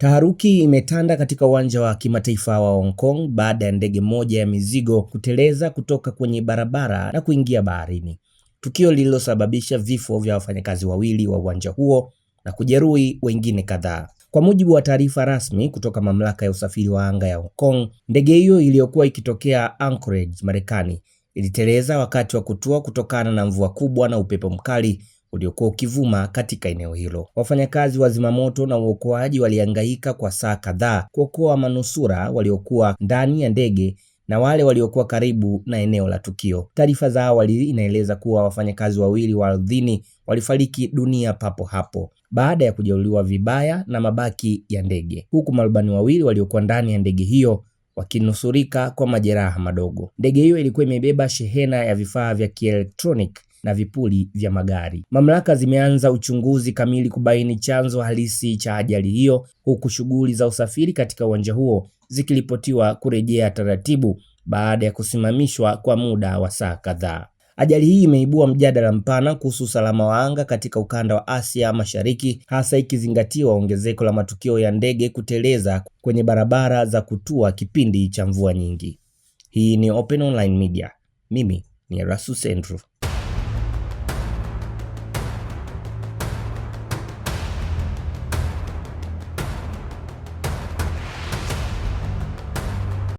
Taharuki imetanda katika uwanja wa kimataifa wa Hong Kong baada ya ndege moja ya mizigo kuteleza kutoka kwenye barabara na kuingia baharini, tukio lililosababisha vifo vya wafanyakazi wawili wa uwanja huo na kujeruhi wengine kadhaa. Kwa mujibu wa taarifa rasmi kutoka mamlaka ya usafiri wa anga ya Hong Kong, ndege hiyo iliyokuwa ikitokea Anchorage, Marekani, iliteleza wakati wa kutua kutokana na mvua kubwa na upepo mkali uliokuwa ukivuma katika eneo hilo. Wafanyakazi wa zimamoto na uokoaji walihangaika kwa saa kadhaa kuokoa manusura waliokuwa ndani ya ndege na wale waliokuwa karibu na eneo la tukio. Taarifa za awali inaeleza kuwa wafanyakazi wawili wa ardhini walifariki dunia papo hapo baada ya kujeruhiwa vibaya na mabaki ya ndege, huku marubani wawili waliokuwa ndani ya ndege hiyo wakinusurika kwa majeraha madogo. Ndege hiyo ilikuwa imebeba shehena ya vifaa vya kielektroniki na vipuli vya magari. Mamlaka zimeanza uchunguzi kamili kubaini chanzo halisi cha ajali hiyo, huku shughuli za usafiri katika uwanja huo zikiripotiwa kurejea taratibu baada ya kusimamishwa kwa muda wa saa kadhaa. Ajali hii imeibua mjadala mpana kuhusu usalama wa anga katika ukanda wa Asia Mashariki, hasa ikizingatiwa ongezeko la matukio ya ndege kuteleza kwenye barabara za kutua kipindi cha mvua nyingi. Hii ni Open Online Media. Mimi ni Rasus Andrew.